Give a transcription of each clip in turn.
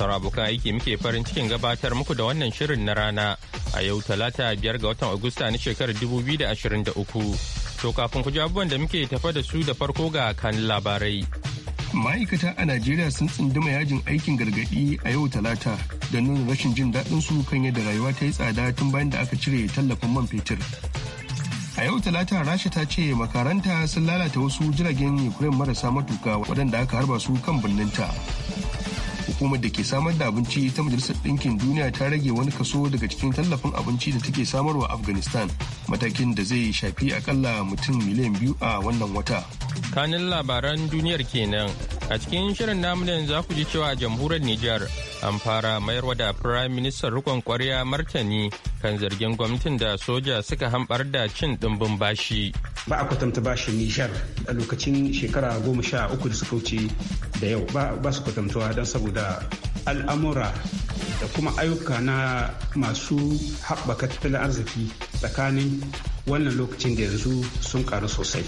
sauran abokan aiki muke farin cikin gabatar muku da wannan shirin na rana a yau talata biyar ga watan Agusta na shekarar 2023. To kafin ku abubuwan da muke tafa da su da farko ga kan labarai. Ma'aikata a Najeriya sun tsunduma yajin aikin gargaɗi a yau talata da nuna rashin jin daɗin su kan yadda rayuwa ta yi tsada tun bayan da aka cire tallafin man fetur. a yau talata rasha ta ce makaranta sun lalata wasu jiragen ukraine marasa matuka waɗanda aka harba su kan birninta hukumar da ke samar da abinci ta majalisar ɗinkin duniya ta rage wani kaso daga cikin tallafin abinci da take samarwa afghanistan matakin da zai shafi akalla mutum miliyan biyu a wannan wata kanin labaran duniyar kenan a cikin shirin namu za ku ji cewa jamhuriyar nijar an fara wa da firayim ministan rikon kwarya martani kan zargin gwamnatin da soja suka hambar da cin dimbin bashi ba a kwatanta shi Nijar a lokacin shekara goma sha uku da suka wuce da yau ba su kwatantawa don saboda al'amura da kuma ayyuka na masu haɓaka tattalin arziki tsakanin wannan lokacin da yanzu sun karu sosai.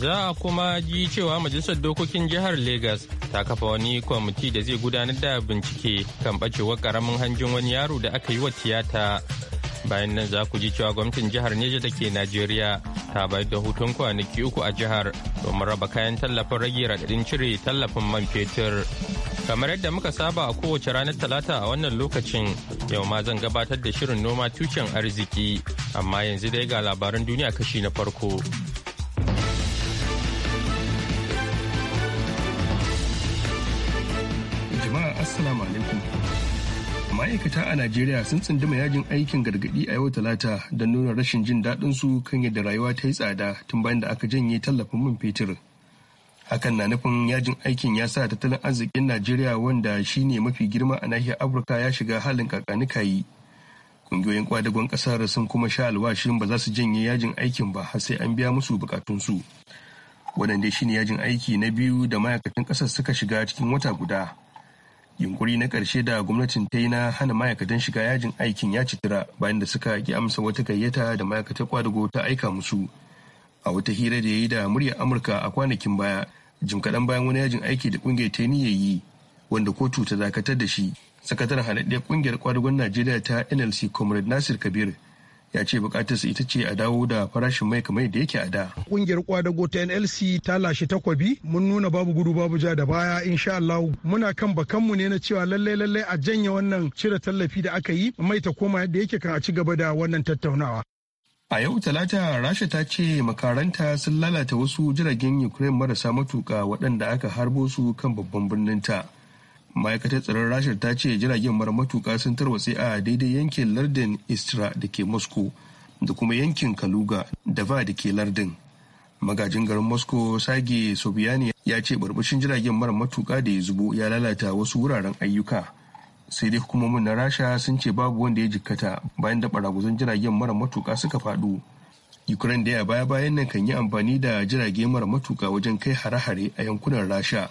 Za a kuma ji cewa Majalisar Dokokin Jihar Legas ta kafa wani kwamiti da zai gudanar da bincike kan ɓacewar ƙaramin hanjin wani yaro da aka yi wa tiyata bayan nan za ku ji cewa gwamnatin jihar Neja da ke Najeriya ta bayar da hutun kwanaki uku a jihar domin raba kayan tallafin rage raɗaɗin cire tallafin man fetur. Kamar yadda muka saba a kowace ranar Talata a wannan lokacin yau ma zan gabatar da shirin noma tucen arziki amma yanzu dai ga labaran duniya kashi na farko. ma'aikata a najeriya sun tsinduma yajin aikin gargadi a yau talata don nuna rashin jin daɗin su kan yadda rayuwa ta yi tsada tun bayan da aka janye tallafin man fetur hakan na nufin yajin aikin ya sa tattalin arzikin najeriya wanda shi ne mafi girma a nahiyar afirka ya shiga halin kakanikayi ƙungiyoyin kwadagon ƙasar sun kuma sha alwashin ba za su janye yajin aikin ba har sai an biya musu bukatunsu Wadanda shi shine yajin aiki na biyu da ma'aikatan ƙasar suka shiga cikin wata guda yunkuri na ƙarshe da gwamnatin ta yi na hana ma'aikatan shiga yajin aikin ya citira bayan da suka ki amsa wata gayyata da ma'aikatar kwadago ta aika musu a wata hira da ya yi da muryar amurka a kwanakin baya jim kaɗan bayan wani yajin aiki da ƙungiyar ta ya yi wanda kotu ta dakatar da shi sakataren haɗaɗɗiyar ƙungiyar kwadagon najeriya ta nlc comrade nasir kabir ya ce bukatarsa ita ce a dawo da farashin mai kamar da yake a da. Kungiyar kwadago ta NLC ta lashe takwabi mun nuna babu gudu babu ja da baya insha Allah muna kan bakanmu ne na cewa lallai lallai a janye wannan cire tallafi da aka yi mai ta koma yadda yake kan a ci gaba da wannan tattaunawa. A yau Talata Rasha ta ce makaranta sun lalata wasu jiragen Ukraine marasa matuka waɗanda aka harbo su kan babban birnin ta. ma'aikatar tsaron rashar ta ce jiragen mara matuka sun tarwatse a daidai yankin lardin istra da ke moscow da kuma yankin kaluga da va da ke lardin magajin garin moscow sage sobiyani ya ce barbashin jiragen mara matuka da ya zubo ya lalata wasu wuraren ayyuka sai dai hukumomin na rasha sun ce babu wanda ya jikkata bayan da baraguzan jiragen mara matuka suka fadu ukraine da ya baya bayan nan kan yi amfani da jirage mara matuka wajen kai hare-hare a yankunan rasha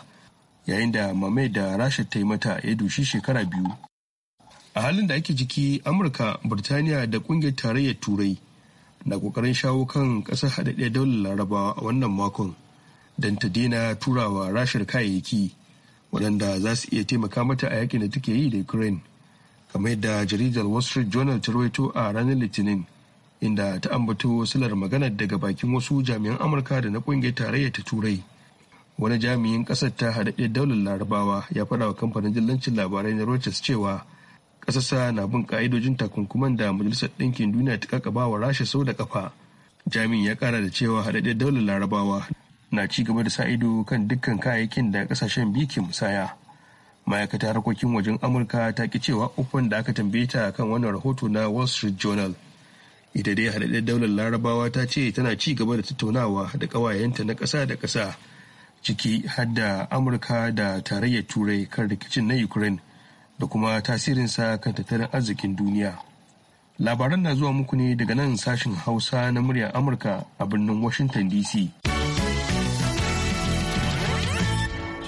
yayin da mamai da rasha ta yi mata ya dushi shekara biyu a halin da ake jiki amurka birtaniya da kungiyar tarayyar turai na kokarin shawo kan kasar haɗaɗɗiyar daular larabawa a wannan makon don ta daina turawa rashar kayayyaki waɗanda za su iya taimaka mata a yakin da take yi da ukraine kamar yadda jaridar wall street journal ta rawaito a ranar litinin inda ta ambato silar magana daga bakin wasu jami'an amurka da na kungiyar tarayyar ta turai wani jami'in kasar ta haɗaɗɗiyar daular larabawa ya faɗa wa kamfanin jillancin labarai na reuters cewa ƙasasa na bin ka'idojin takunkuman da majalisar ɗinkin duniya ta kakaba wa rasha sau da kafa jami'in ya ƙara da cewa haɗaɗɗiyar daular larabawa na ci gaba da sa ido kan dukkan kayayyakin da ƙasashen biyu ke musaya Ma'aikata harkokin wajen amurka ta ki cewa uffan da aka tambaye ta kan wannan rahoto na wall street journal ita dai haɗaɗɗen daular larabawa ta ce tana ci gaba da tattaunawa da ƙawayenta na ƙasa da ƙasa ciki har amurka da tarayyar turai kan rikicin na ukraine da kuma tasirinsa kan tattalin arzikin duniya labaran na zuwa muku ne daga nan sashen hausa na muryar amurka a birnin washington dc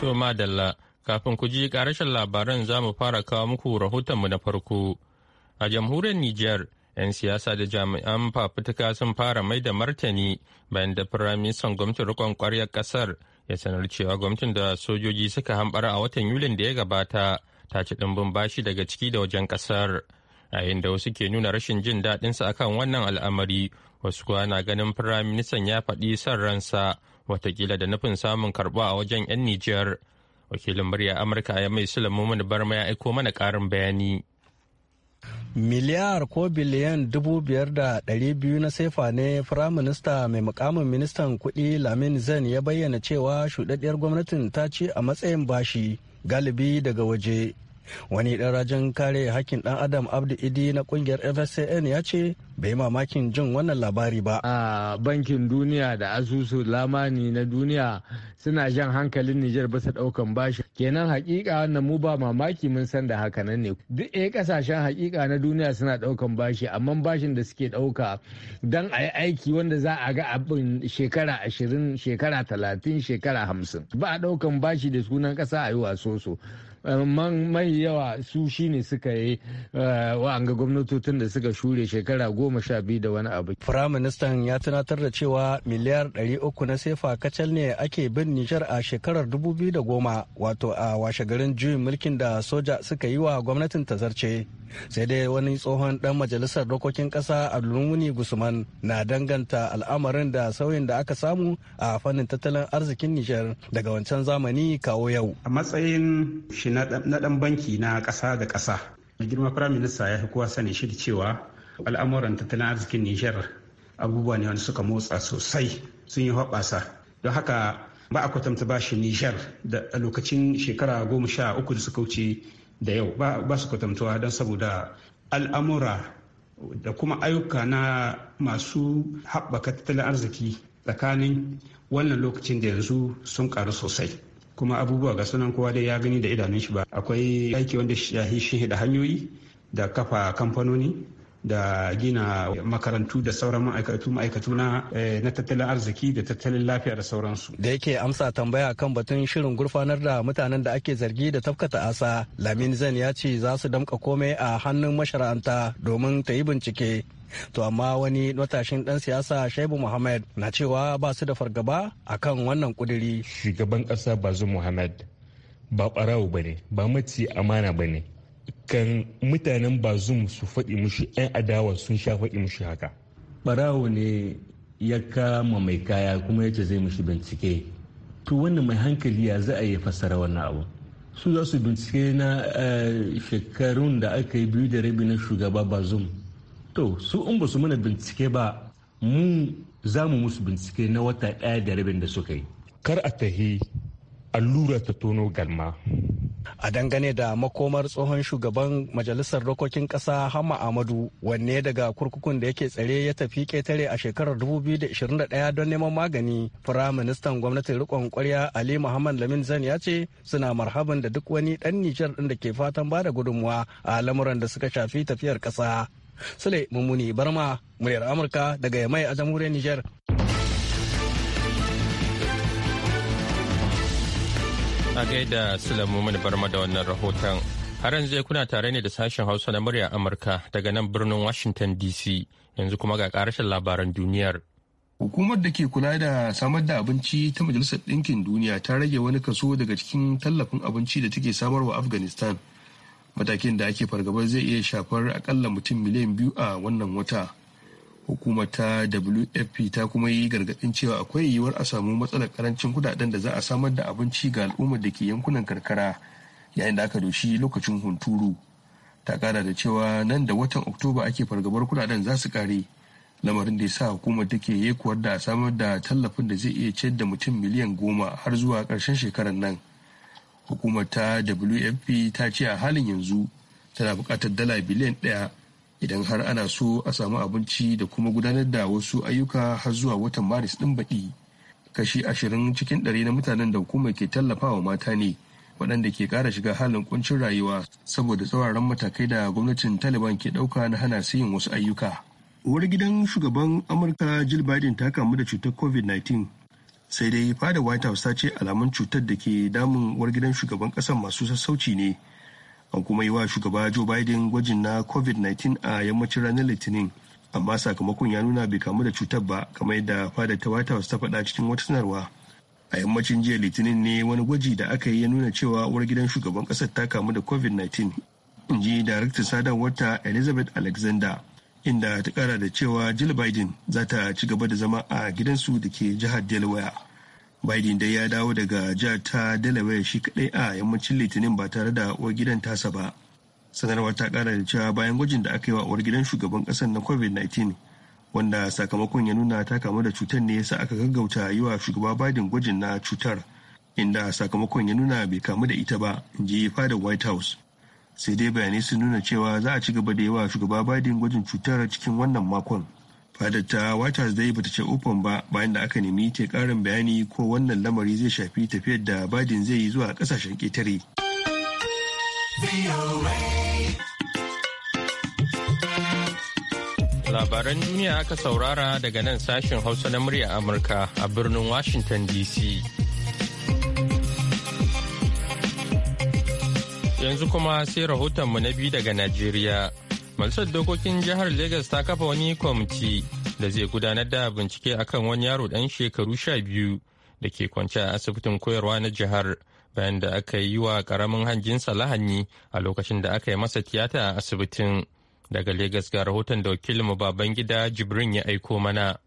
to madalla kafin ku ji karashen labaran za mu fara kawo muku rahotonmu na farko a jamhuriyar niger 'yan siyasa da jami'an fafutuka sun fara mai da martani bayan da firaministan gwamnatin rikon kwaryar kasar ya sanar cewa gwamnatin da sojoji suka hambara a watan yulin da ya gabata ta ci dimbin bashi daga ciki da wajen kasar yayin da wasu ke nuna rashin jin daɗin sa akan wannan al'amari wasu kuwa na ganin firaministan ya faɗi son ransa watakila da nufin samun karɓa a wajen 'yan nijar wakilin murya amurka ya mai bar barma ya aiko mana ƙarin bayani miliyar ko biliyan dubu biyar da ɗari biyu na sefa ne firaminista mai mukamin ministan kuɗi lamin zan ya bayyana cewa shuɗaɗɗiyar gwamnatin ta ci a matsayin bashi galibi daga waje wani ɗan rajin kare hakkin ɗan adam abdu idi na ƙungiyar FSN ya ce bai mamakin jin wannan labari ba a bankin duniya da asusu lamani na duniya suna jan hankalin nijar basa ɗaukan bashi kenan hakika wannan mu ba mamaki mun san da nan ne duk ɗaya kasashen hakika na duniya suna ɗaukan bashi amma bashin da suke ɗauka don a yi aiki wanda za a ga abin shekara ashirin shekara talatin shekara hamsin ba a ɗaukan bashi da sunan ƙasa a yi wasoso Eh, mai yawa su shine suka yi eh, wa'anga gwamnatocin da suka shure shekara goma sha biyu da wani abu. Firaministan ya tunatar da cewa miliyar ɗari uku na sefa kacal ne ake bin Nijar a shekarar da goma wato a washe garin juyin mulkin da soja suka yi wa gwamnatin tazarce. sai dai wani tsohon dan majalisar dokokin kasa abdulmuni gusman na danganta al'amarin da sauyin da aka samu a fannin tattalin arzikin nijar daga wancan zamani kawo yau a matsayin shi na dan banki na kasa da kasa da girma firaminista ya fi kowa sani shi cewa al'amuran tattalin arzikin nijar abubuwa ne wanda suka motsa sosai sun yi hoɓasa don haka ba a kwatanta shi nijar da lokacin shekara goma sha uku da suka wuce da yau ba su kwatantawa don saboda al'amura da kuma ayyuka na masu haɓaka tattalin arziki tsakanin wannan lokacin da yanzu sun karu sosai kuma abubuwa ga sunan kowa dai ya gani da idanun shi ba akwai aiki wanda shahi shi da hanyoyi da kafa kamfanoni da gina makarantu da sauran ma'aikatu ma'aikatu na eh, na tattalin arziki da tattalin lafiya da sauransu. Da yake amsa tambaya kan batun shirin gurfanar da mutanen da ake zargi da tafkata asa, Lamin Zan ya ce za su damka komai a hannun mashara'anta domin ta yi bincike. To amma wani matashin ɗan siyasa Shaibu Muhammad na cewa ba su da fargaba a kan wannan kuduri. Shugaban ƙasa Bazu Muhammad ba ɓarawo ba ne, ba mace amana ba kan mutanen bazum su faɗi mushi 'yan adawa sun sha faɗi mushi haka barawo ne ya kama mai kaya kuma ya ce zai mushi bincike to wannan mai hankali ya za a yi fassara wannan abu su za su bincike na eh, shekarun da aka yi biyu da rabi na shugaba bazum to su in ba su mana bincike ba mu za mu musu bincike na wata ɗaya da rabin da suka yi kar a tahi allura ta tono galma a dangane da makomar tsohon shugaban majalisar dokokin kasa hama amadu wanne daga kurkukun da yake tsare ya tafi ketare a shekarar 2021 don neman magani firaministan gwamnatin rikon kwarya ali muhammad lamin zan ya ce suna marhaban da duk wani dan nijar din da ke fatan ba da gudunmuwa a lamuran da suka shafi tafiyar kasa sule mummuni barma muryar amurka daga yamai a jamhuriyar nijar A gaida Sulamu mani barma da wannan rahoton. Har yanzu kuna tare ne da sashen Hausa na murya Amurka daga nan birnin Washington DC. Yanzu kuma ga karashin labaran duniyar. Hukumar da ke kula da samar da abinci ta Majalisar Ɗinkin Duniya ta rage wani kaso daga cikin tallafin abinci da take samarwa Afghanistan. Matakin da ake fargabar zai iya shafar akalla mutum miliyan biyu a wannan wata. hukumar ta wfp ta kuma yi gargadin cewa akwai yiwuwar a samu matsalar karancin kudaden da za a samar da abinci ga al'ummar da ke yankunan karkara yayin da aka doshi lokacin hunturu ta kara da cewa nan da watan oktoba ake fargabar kudaden za su kare lamarin da ya sa hukumar take yekuwar da a samar da tallafin da zai iya ciyar da mutum miliyan goma har zuwa karshen shekarar nan hukumar ta wfp ta ce a halin yanzu tana bukatar dala biliyan ɗaya idan har ana so a samu abinci da kuma gudanar da wasu ayyuka har zuwa watan maris din baɗi kashi ashirin cikin ɗari na mutanen da hukumar ke tallafawa mata ne waɗanda ke kara shiga halin kuncin rayuwa saboda tsauraran matakai da gwamnatin taliban ke ɗauka na hana su yin wasu ayyuka uwar gidan shugaban amurka jill biden ta kamu da cutar covid-19 sai dai fada white house ta ce alamun cutar da ke damun uwar gidan shugaban ƙasar masu sassauci ne an kuma yi wa shugaba joe biden gwajin na covid-19 a yammacin ranar litinin amma sakamakon ya nuna bai kamu da cutar ba kamar yadda fada ta white house ta faɗa cikin wata sanarwa a yammacin jiya litinin ne wani gwaji da aka yi ya nuna cewa uwar gidan shugaban ƙasar ta kamu da covid-19 in ji daraktan sadarwar ta elizabeth alexander inda ta kara da cewa jill biden za ta ci gaba da zama a gidansu da ke jihar delaware Biden dai ya dawo daga jihar ta Delaware shi kadai a yammacin Litinin ba tare da uwar gidan tasa ba. Sanarwar ta kara da cewa bayan gwajin da aka yi wa uwar gidan shugaban kasar na COVID-19 wanda sakamakon ya nuna ta kamu da cutar ne yasa aka gaggauta yi wa shugaba Biden gwajin na cutar inda sakamakon ya nuna bai kamu da ita ba, in ji fadar White House. Sai dai bayanai sun nuna cewa za a ci gaba da yi wa shugaba Biden gwajin cutar cikin wannan makon. fadar ta white house dai bata ce open ba bayan da aka nemi ta karin bayani ko wannan lamari zai shafi tafiyar da badin zai yi zuwa kasashen ƙetare labaran duniya aka saurara daga nan sashen hausa na murya amurka a birnin washington dc yanzu kuma sai rahotonmu na biyu daga najeriya Majalisar Dokokin Jihar Legas ta kafa wani kwamiti da zai gudanar da bincike akan wani yaro dan shekaru sha biyu da ke kwance a asibitin koyarwa na jihar bayan da aka yi wa karamin hanjinsa lahani a lokacin da aka yi masa tiyata a asibitin. Daga Legas ga rahoton da wakilinmu gida Jibrin ya aiko mana.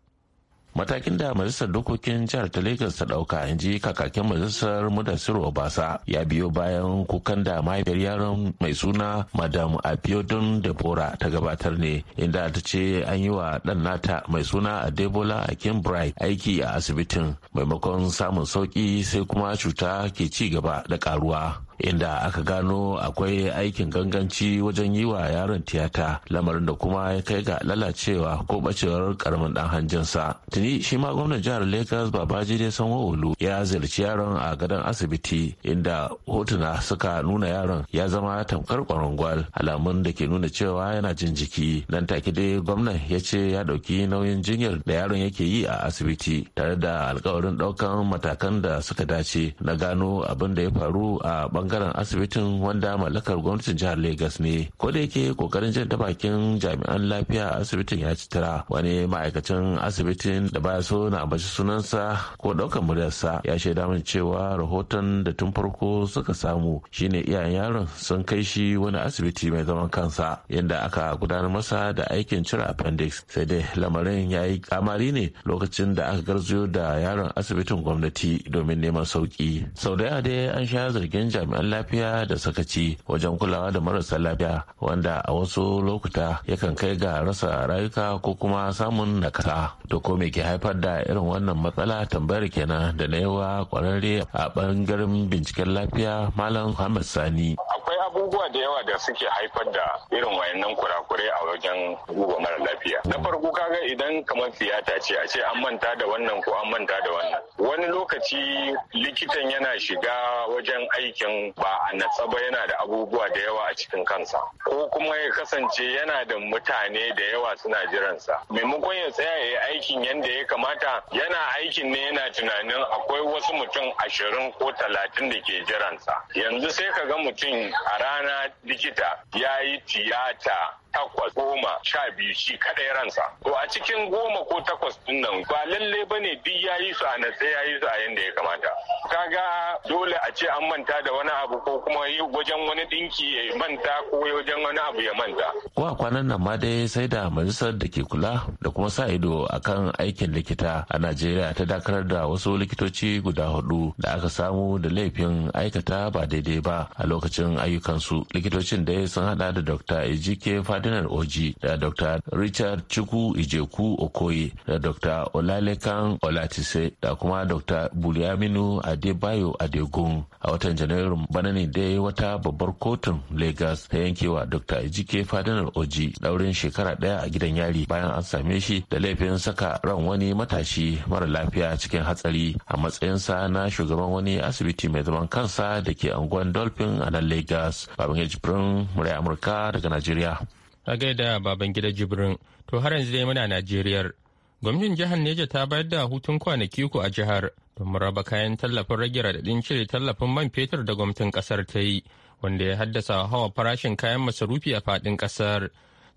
matakin da majalisar dokokin jihar ta lagos ta dauka in ji kakakin majalisar mudassiru obasa ya biyo bayan kukan da mahaifiyar yaron mai suna madam abiodun debora ta gabatar ne inda ta ce an yi wa dan nata mai suna adebola a bright aiki a asibitin maimakon samun sauki sai kuma cuta ke ci gaba da karuwa inda aka gano akwai aikin ganganci wajen yi wa yaron tiyata lamarin da kuma ya kai ga lalacewa ko bacewar karamin dan hanjinsa tuni shi ma gwamnan jihar lagos Babaji ya san olu ya ziyarci yaron a gadon asibiti inda hotuna suka nuna yaron ya zama tamkar kwarangwal alamun da ke nuna cewa yana jin jiki nan take dai gwamnan ya ce ya dauki nauyin jinyar da yaron yake yi a asibiti tare da alkawarin daukan matakan da suka dace na gano abin da ya faru a bangaren bangaren asibitin wanda mallakar gwamnatin jihar Legas ne. Ko da yake kokarin jin ta bakin jami'an lafiya asibitin ya ci tara wani ma'aikacin asibitin da baya so na bashi sunansa ko daukan muryarsa ya shaida min cewa rahoton da tun farko suka samu shine iyayen yaron sun kai shi wani asibiti mai zaman kansa yadda aka gudanar masa da aikin cire appendix sai dai lamarin ya yi kamari ne lokacin da aka garzayo da yaron asibitin gwamnati domin neman sauki sau da dai an sha zargin jami'an jami'an lafiya da sakaci wajen kulawa da marasa lafiya wanda a wasu lokuta yakan kai ga rasa rayuka ko kuma samun nakasa to ko me ke haifar da irin wannan matsala tambayar kenan da na yawa kwararre a bangaren binciken lafiya malam Muhammad Sani. Akwai abubuwa abubuwa da yawa da suke haifar da irin wayannan kurakurai a wajen duba mara lafiya na farko kaga idan kamar tiyata ce a ce an manta da wannan ko an manta da wannan wani lokaci likitan yana shiga wajen aikin ba a natsa ba yana da abubuwa da yawa a cikin kansa ko kuma ya kasance yana da mutane da yawa suna jiransa maimakon ya tsaya ya yi aikin yadda ya kamata yana aikin ne yana tunanin akwai wasu mutum ashirin ko talatin da ke jiransa yanzu sai ka ga mutum a rana na likita ya yi tiyata takwas goma sha biyu shi kaɗai ransa. To a cikin goma ko takwas ɗin nan ba lalle ba ne duk ya yi su a sai ya yi su a yadda ya kamata. kaga dole a ce an manta da wani abu ko kuma wajen wani dinki ya manta ko wajen wani abu ya manta. kuma kwanan nan ma dai sai da majalisar da ke kula da kuma sa ido akan aikin likita a Najeriya ta dakarar da wasu likitoci guda hudu da aka samu da laifin aikata ba daidai ba a lokacin ayyukansu. Likitocin dai sun hada da Dr. Ejike Fadinar Oji da Dr. Richard Chukwu Ijeku Okoye da Dr. Olalekan Olatise da kuma Dr. Buliaminu Adi adebayo adegun a watan janairun bana ne da ya wata babbar kotun lagos ta yankewa dr ejike fadinar oji daurin shekara daya a gidan yari bayan an same shi da laifin saka ran wani matashi mara lafiya cikin hatsari a matsayinsa na shugaban wani asibiti mai zaman kansa da ke anguwan dolphin a nan lagos babin ejibirin murai amurka daga najeriya a gaida baban gida jibrin to har yanzu dai muna najeriyar Gwamnatin jihar Neja ta bayar da hutun kwanaki uku a jihar don raba kayan tallafin rage radadin cire tallafin man fetur da gwamnatin kasar ta yi wanda ya haddasa hawa farashin kayan masarufi a fadin kasar.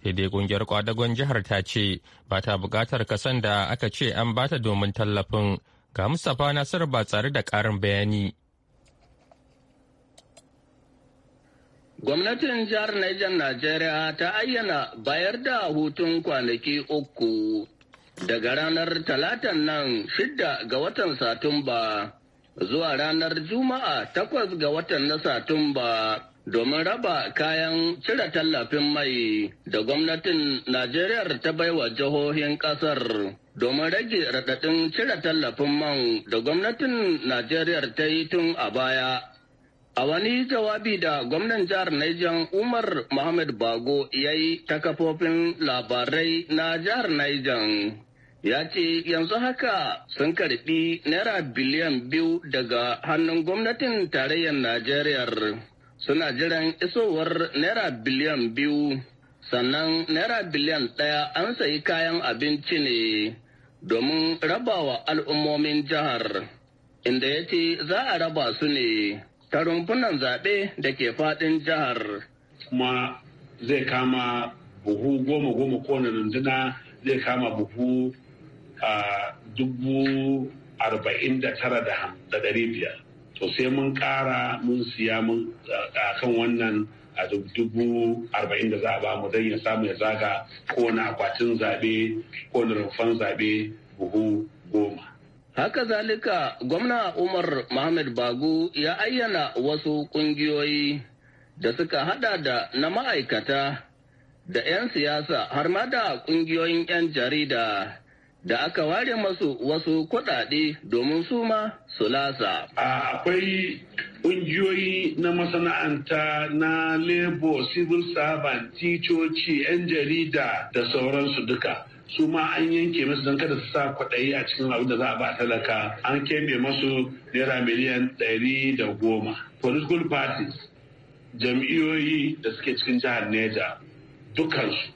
Sai dai kungiyar kwadagon jihar ta ce ba ta bukatar kasan da aka ce an bata domin tallafin. Ga Mustapha Nasir ba tsare da karin bayani. Gwamnatin jihar Niger Najeriya ta ayyana bayar da hutun kwanaki uku daga ranar talatan nan shidda ga watan satumba zuwa ranar juma'a takwas ga watan na satumba domin raba kayan cire tallafin mai da gwamnatin najeriya ta baiwa jihohin kasar domin rage raɗaɗin cire tallafin man da gwamnatin najeriya ta yi tun a baya A wani jawabi da gwamnan jihar Niger Umar Muhammad Bago ya yi ta kafofin labarai na jihar Niger ya ce yanzu haka sun karbi naira biliyan biyu daga hannun gwamnatin tarayyar najeriya suna jiran isowar naira biliyan biyu sannan naira biliyan ɗaya an sayi kayan abinci ne domin rabawa al'ummomin jihar inda ya ce za a raba su ne ta rumfunan zaɓe da ke faɗin jihar kuma zai kama buhu goma goma kowane runduna zai kama buhu A dubu arba'in da tara da ɗari biyar to sai mun ƙara mun siya mun kan wannan a dubu arba'in da za a ba mu don ya samu ya zaga na akwatin zaɓe na rumfan zaɓe buhu goma Haka zalika, gwamna Umar Mohamed Bagu ya ayyana wasu ƙungiyoyi da suka hada da na ma'aikata da 'yan siyasa har ma da ƙungiyoyin 'yan jarida da aka ware masu wasu kuɗaɗe domin su ma su lasa. Akwai ƙungiyoyi na masana'anta na lebo, civil servant, ticoci, 'yan jarida da sauransu duka. su ma an yanke masu don kada su sa kwaɗayi a cikin abin da za a ba talaka an keɓe masu naira miliyan ɗari da goma. political parties jam'iyoyi da suke cikin jihar neja dukansu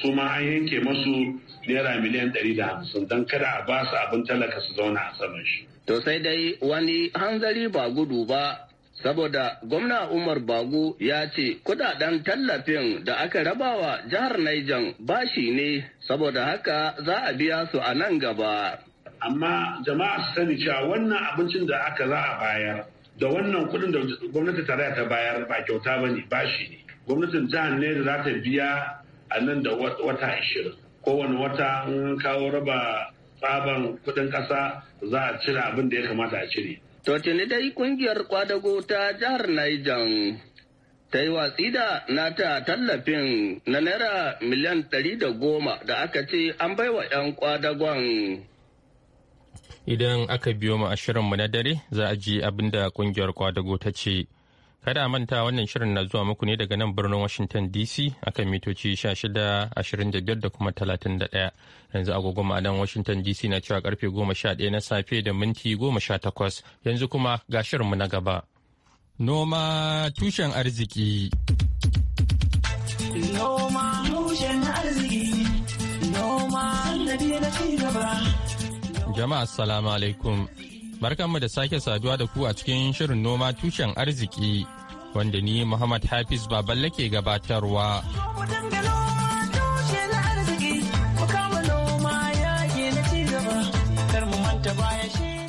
su ma an yanke masu naira miliyan ɗari da hamsin don kada a ba su abin talaka su zauna a saman shi. To sai dai wani hanzari ba gudu ba saboda gwamna Umar Bago ya ce kudaden tallafin da aka rabawa jihar Niger bashi ne saboda haka za a biya su a nan gaba. Amma jama'a su sani cewa wannan abincin da aka za a bayar da wannan kudin da gwamnati tarayya ta bayar ba kyauta ba ne bashi ne. Gwamnatin jihar ne za ta biya a nan da wata ashirin. kowane wata in kawo raba tsaban kudin kasa za a cire abin da ya kamata a cire. To tuni dai kungiyar kwadago ta jihar Niger ta yi watsi da nata tallafin na naira miliyan ɗari da goma da aka ce an bai wa 'yan kwadagon. Idan aka biyo mu a shirinmu na dare za a ji abin da kungiyar kwadago ta ce. Kada a manta wannan shirin na zuwa muku ne daga nan birnin Washington DC akan mitoci 1625 da kuma 31. Yanzu agogo ma'adan Washington DC na cewa karfe 11 na safe da minti 18 yanzu kuma ga shirinmu na gaba. Noma tushen arziki. Noma tushen arziki. Noma na ci gaba. Jama'a salamu alaikum. mu da sake saduwa da ku a cikin shirin noma tushen arziki wanda ni Muhammad Hafiz Baballe ke gabatarwa.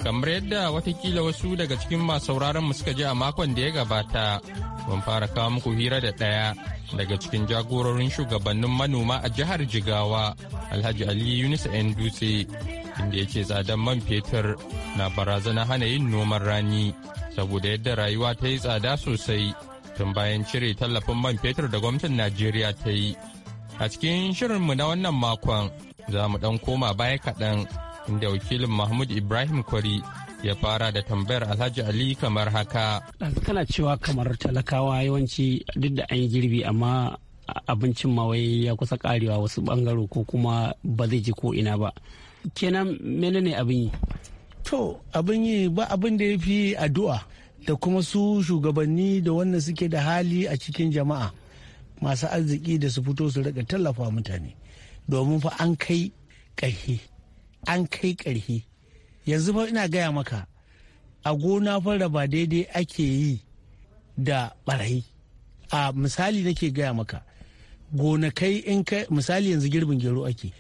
Kamar yadda watakila wasu daga cikin masu sauraron mu suka ji a makon da ya gabata, mun fara kawo muku hira da ɗaya daga cikin jagororin shugabannin manoma a jihar Jigawa, Alhaji Ali Yunus Dutse. inda ya ce tsadan man fetur na barazana hana yin noman rani saboda yadda rayuwa ta yi tsada sosai tun bayan cire tallafin man fetur da gwamnatin najeriya ta yi a cikin shirinmu na wannan makon za mu dan koma baya kaɗan inda wakilin mahmud ibrahim kwari ya fara da tambayar alhaji ali kamar haka kana cewa kamar talakawa yawanci duk da an girbi amma abincin mawai ya kusa karewa wasu bangaro ko kuma ba zai ji ko ina ba kenan menene abin yi to abin yi ba abin da ya fi addu'a da kuma su shugabanni da wannan suke da hali a cikin jama'a masu arziki da su fito su rika tallafa mutane domin fa an kai ƙarhi an kai ƙarhi yanzu fa ina gaya maka a gona fara ba daidai ake yi da barai a misali nake gaya maka gonakai in ka misali yanzu girbin gero ake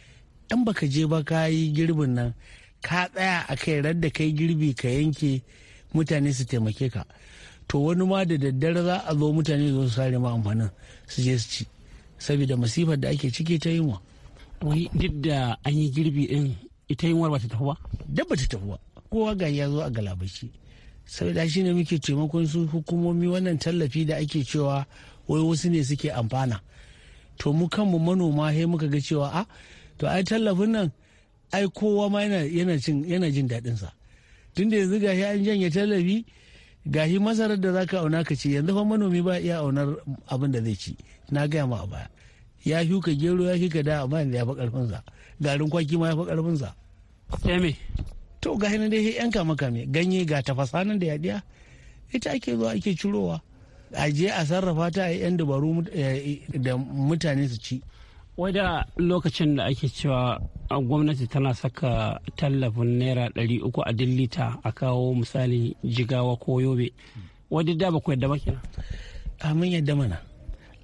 in baka je ba ka yi girbin nan ka tsaya a kai radda kai girbi ka yanke mutane su taimake ka to wani ma da daddare za a zo mutane zo su sare ma amfanin su je su ci saboda masifar da ake ciki ta wa wai duk da an yi girbi din ita yin ba ta tafi ba duk ba ta tafi ba kowa ga ya zo a galabashi saboda shi ne muke taimakon su hukumomi wannan tallafi da ake cewa wai wasu ne suke amfana to mu kanmu manoma sai muka ga cewa a ah, to ai tallafin nan ai kowa ma yana jin sa. tun da yanzu gashi an janye tallafi gashi masarar da zaka auna ka ci yanzu fa manomi ba iya aunar abin da zai ci na gaya ma a baya ya shuka gero ya shuka da amma ya fa karfin sa garin kwaki ma ya fa karfin sa me to gashi na dai yan kama kame ganye ga tafasa nan da yadiya ita ake zuwa ake cirowa a je a sarrafa ta a yan dabaru eh, da mutane su ci wadda lokacin da ake cewa gwamnati tana saka tallafin naira ɗari uku a dillita a kawo misali jigawa ko yobe wadda da bakwai da makina mun yadda mana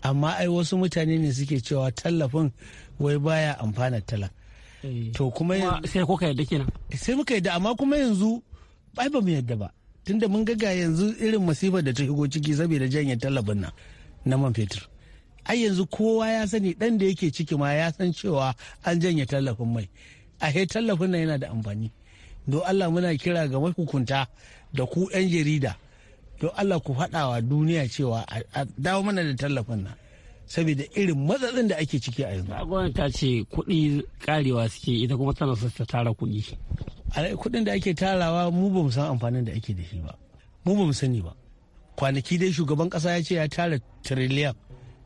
amma ai wasu mutane ne suke cewa tallafin wai baya amfana talak eh. to kuma sai kuka yadda kenan sai muka yadda amma kuma yanzu ai ba mu yadda ba tunda mun gaga yanzu irin masifar da ta shigo ciki saboda janye tallafin nan na man fetur ai yanzu kowa ya sani dan da yake ciki ma ya san cewa an janye tallafin mai a he tallafin nan yana da amfani don Allah muna kira ga mahukunta da ku 'yan jarida don Allah ku faɗa wa duniya cewa a dawo mana da tallafin nan saboda irin matsatsin da ake ciki a yanzu. Gwamnati ta ce kuɗi karewa suke ita kuma tana so ta tara kuɗi. Kuɗin da ake tarawa mu ba mu san amfanin da ake da shi ba. Mu ba mu sani ba. Kwanaki dai shugaban ƙasa ya ce ya tara tiriliyan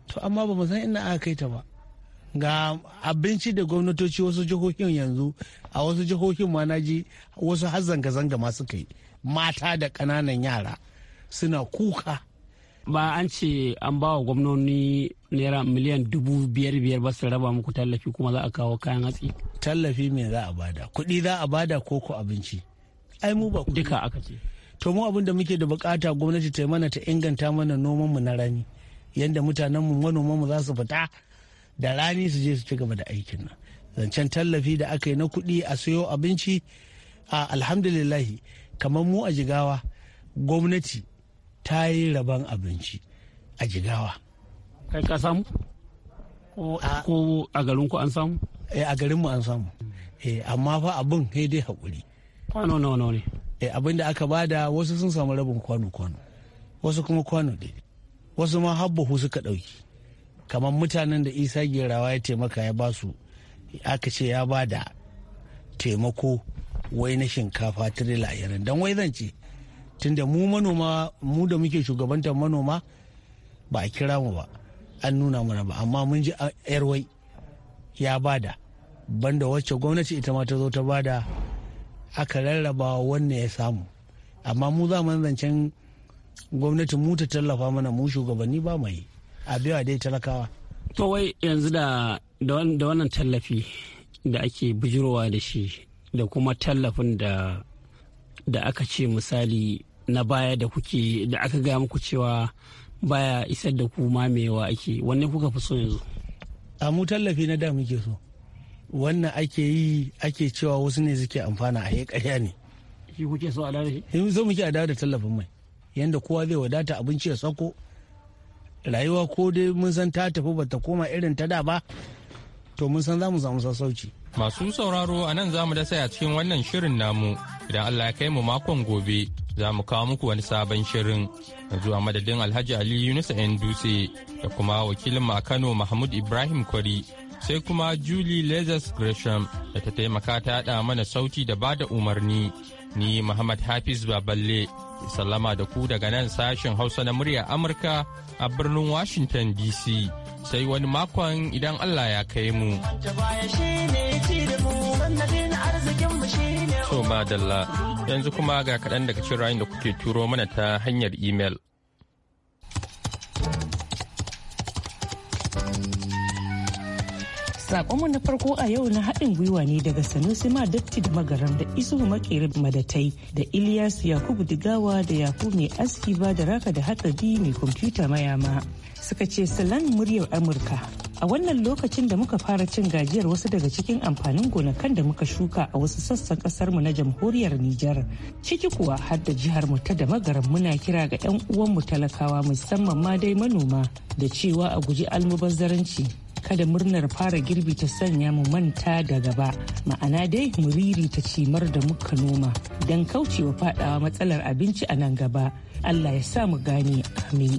to amma ba mu san ina aka kai ta ba ga abinci da gwamnatoci wasu jihohin yanzu a wasu jihohin ma na ji wasu har zanga-zanga ma suka yi mata da kananan yara suna kuka ba an ce an ba wa gwamnoni naira miliyan dubu biyar biyar ba su raba muku tallafi kuma za a kawo kayan hatsi tallafi me za a bada kuɗi za a bada ko abinci ai mu ba duka aka ce to mu abin da muke da bukata gwamnati ta mana ta inganta mana noman mu na rani yadda mutanenmu manomanmu za su fita da rani su je su ci gaba da aikin nan zancen tallafi da aka yi na kuɗi a sayo abinci a alhamdulillahi kamar mu a jigawa gwamnati ta yi rabon abinci a jigawa kai ka samu ko a garin ku an samu eh a garin mu an samu eh amma fa abin sai dai hakuri kwano nawa ne eh abin da aka bada wasu sun samu rabin kwano kwano wasu kuma kwano dai wasu ma habbahu suka ɗauki kamar mutanen da isa gerawa ya taimaka ya ba su aka ce ya ba da taimako wai na shinkafa tirela ashirin don wai zance tunda mu manoma mu da muke shugabantar manoma ba a kira mu ba an nuna mana ba amma mun ji airway ya bada banda wacce gwamnati ita ma ta zo ta bada aka rarraba wannan ya samu amma mu za mu zancen gwamnati mu ta tallafa mana mu shugabanni ba mai a biya dai talakawa to wai yanzu da da wannan tallafi da ake bijirowa da shi da kuma tallafin da da aka ce misali na baya da kuke da aka gaya muku cewa baya isar da ku mamewa ake wanne kuka fi so yanzu a mu tallafi na da muke so wannan ake yi ake cewa wasu ne suke amfana a yi ƙarya ne shi kuke so a dawo da shi so muke a dawo da tallafin mai yadda kowa zai wadata abinci ya sako rayuwa ko dai mun san ta tafi ba ta koma irin ta da ba to mun san za mu samu sassauci. Masu sauraro a nan za mu dasa a cikin wannan shirin namu idan Allah ya kai mu makon gobe za mu kawo muku wani sabon shirin yanzu a madadin Alhaji Ali Yunusa Yan Dutse da kuma wakilin a Kano Mahmud Ibrahim Kwari sai kuma Julie Lazarus Gresham da ta taimaka ta haɗa mana sauti da ba da umarni. Ni Muhammad Hafiz Baballe, sallama da ku daga nan sashen Hausa na murya Amurka a birnin Washington DC. Sai wani makon idan Allah ya kai mu. So yanzu kuma ga kaɗan daga cin rayu da kuke turo mana ta hanyar imel. Sakonmu na farko a yau na haɗin gwiwa ne daga Sanusi ma Madafti da Magaram da isu Makere Madatai da Ilyas Yakubu Digawa da yaku Mai Aski ba da Raka da Hatsari Mai Kwamfuta Mayama. Suka ce salan muryar Amurka. A wannan lokacin da muka fara cin gajiyar wasu daga cikin amfanin gonakan da muka shuka a wasu sassan mu na jamhuriyar Nijar. Ciki kuwa har da jihar mu ta da magaran muna kira ga 'yan uwanmu talakawa musamman ma dai manoma da cewa a guji almubazzaranci kada murnar fara girbi ta sanya mu manta da gaba ma'ana dai mu ta cimar da muka noma don kaucewa fadawa matsalar abinci a nan gaba allah ya sa mu gane amin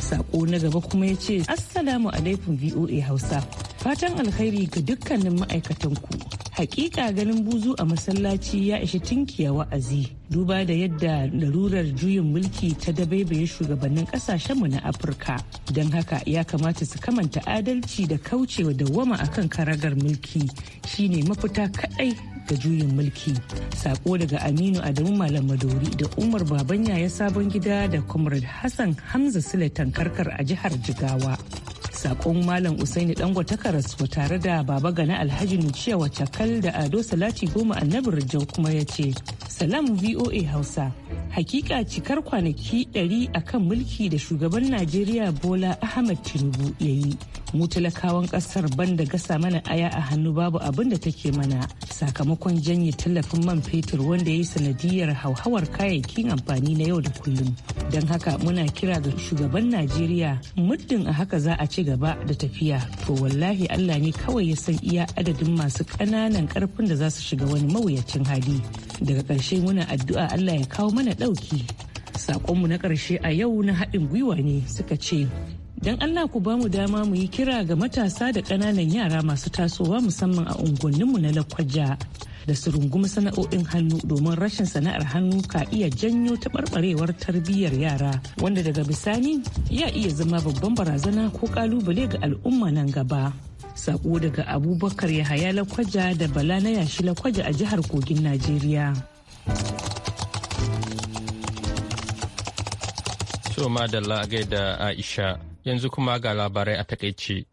sako na gaba kuma ya ce assalamu alaikum voa hausa fatan alkhairi ga dukkanin ma'aikatanku Hakika ganin buzu a masallaci ya ishi tunkiya wa'azi duba da yadda larurar juyin mulki ta dabaibaye shugabannin kasashenmu na Afirka. Don haka ya kamata su kamanta adalci da kaucewa dawwama akan karagar mulki shine mafita kadai ga juyin mulki. Sako daga Aminu Adamu Malam Madori da Umar Babanya ya sabon gida da Comrade Hassan Hamza Sule tankarkar a jihar Jigawa. sakon malam usaini dango takaraswa tare da baba gana alhaji nuciya cakal da ado salati goma annabi rijau kuma ya ce salam voa hausa hakika cikar kwanaki 100 akan mulki da shugaban najeriya bola ahmad tinubu ya yi mu talakawan kasar banda gasa mana aya a hannu babu abin da take mana sakamakon janye tallafin man fetur wanda ya yi sanadiyar hauhawar kayayyakin amfani na yau da kullum don haka muna kira ga shugaban najeriya muddin a haka za a ci gaba da tafiya to wallahi allah ne kawai ya san iya adadin masu ƙananan ƙarfin da za su shiga wani mawuyacin hali daga ƙarshe muna addu'a allah ya kawo mana ɗauki sakonmu na ƙarshe a yau na haɗin gwiwa ne suka ce don Allah ku ba mu dama mu yi kira ga matasa da ƙananan yara masu tasowa musamman a unguwanninmu na Lakwaja da su rungumi sana'o'in hannu domin rashin sana'ar hannu ka iya janyo taɓarɓarewar tarbiyyar yara wanda daga bisani ya iya zama babban barazana ko ƙalubale ga al'umma nan gaba. Sako daga Abubakar Yahaya Lakwaja da Bala na yashi Lakwaja a jihar Kogin Najeriya. To madalla gaida Aisha yanzu kuma ga labarai a takaice.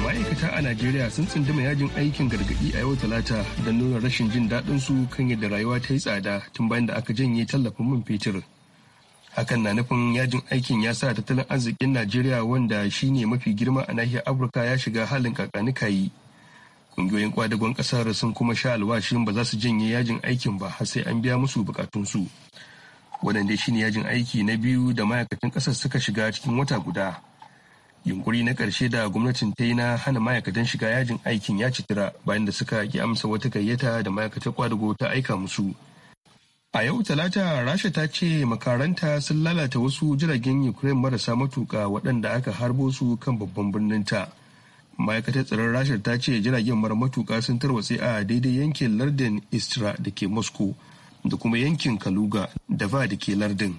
ma'aikata a najeriya sun tsunduma yajin aikin gargaɗi a yau talata don nuna rashin jin daɗin su kan yadda rayuwa ta yi tsada tun bayan da aka janye tallafin man fetur hakan na nufin yajin aikin ya sa tattalin arzikin najeriya wanda shine mafi girma a nahiyar afirka ya shiga halin kakanikayi ƙungiyoyin kwadagon ƙasar sun kuma sha alwashin ba za su janye yajin aikin ba har sai an biya musu bukatunsu. waɗanda shi ne yajin aiki na biyu da ma'aikatan ƙasar suka shiga cikin wata guda yunkuri na ƙarshe da gwamnatin ta yi na hana ma'aikatan shiga yajin aikin ya citira bayan da suka ki amsa wata gayyata da ma'aikatar kwadago ta aika musu a yau talata rasha ta ce makaranta sun lalata wasu jiragen ukraine marasa matuka waɗanda aka harbo su kan babban birnin ta ma'aikatar tsaron rasha ta ce jiragen mara matuka sun tarwatse a daidai yankin lardin istra da ke moscow da kuma yankin kaluga da va da ke lardin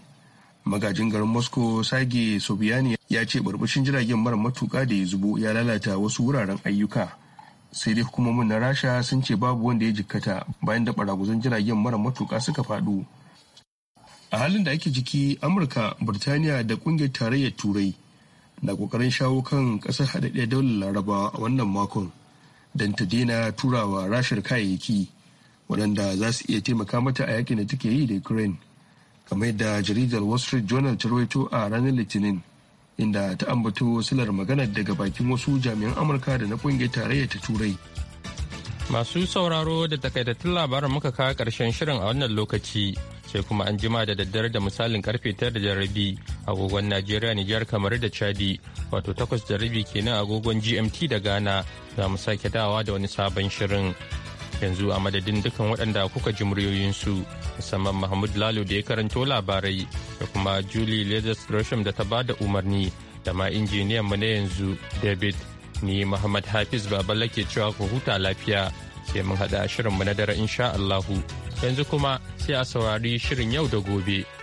magajin garin moscow sage sobiani ya ce barbashin jiragen mara matuka da ya zubo ya lalata wasu wuraren ayyuka sai dai hukumomin na rasha sun ce babu wanda ya jikkata bayan da baraguzan jiragen mara matuka suka faɗo a halin da ake ciki amurka birtaniya da ƙungiyar tarayyar turai na kokarin shawo kan kasar haɗaɗɗiyar daular laraba a wannan makon don ta daina turawa rashar kayayyaki waɗanda za su iya taimaka mata a yakin da take yi da ukraine kamar yadda jaridar wall street journal ta rawaito a ranar litinin inda ta ambato silar magana daga bakin wasu jami'an amurka da na kungiyar tarayya ta turai masu sauraro da takaitattun labarin muka kawo karshen shirin a wannan lokaci sai kuma an jima da daddare da misalin karfe tara da rabi agogon najeriya nijar kamar da chadi wato takwas da kenan agogon gmt da ghana za mu sake dawa da wani sabon shirin yanzu a madadin dukan waɗanda kuka ji muryoyinsu musamman mahmud lalo da ya karanto labarai da kuma julie leathers rosham da ta ba da umarni da ma injiniyan mu na yanzu david ni muhammad hafiz babala ke cewa ku huta lafiya sai mun haɗa mu na dare insha allahu yanzu kuma sai a saurari shirin yau da gobe.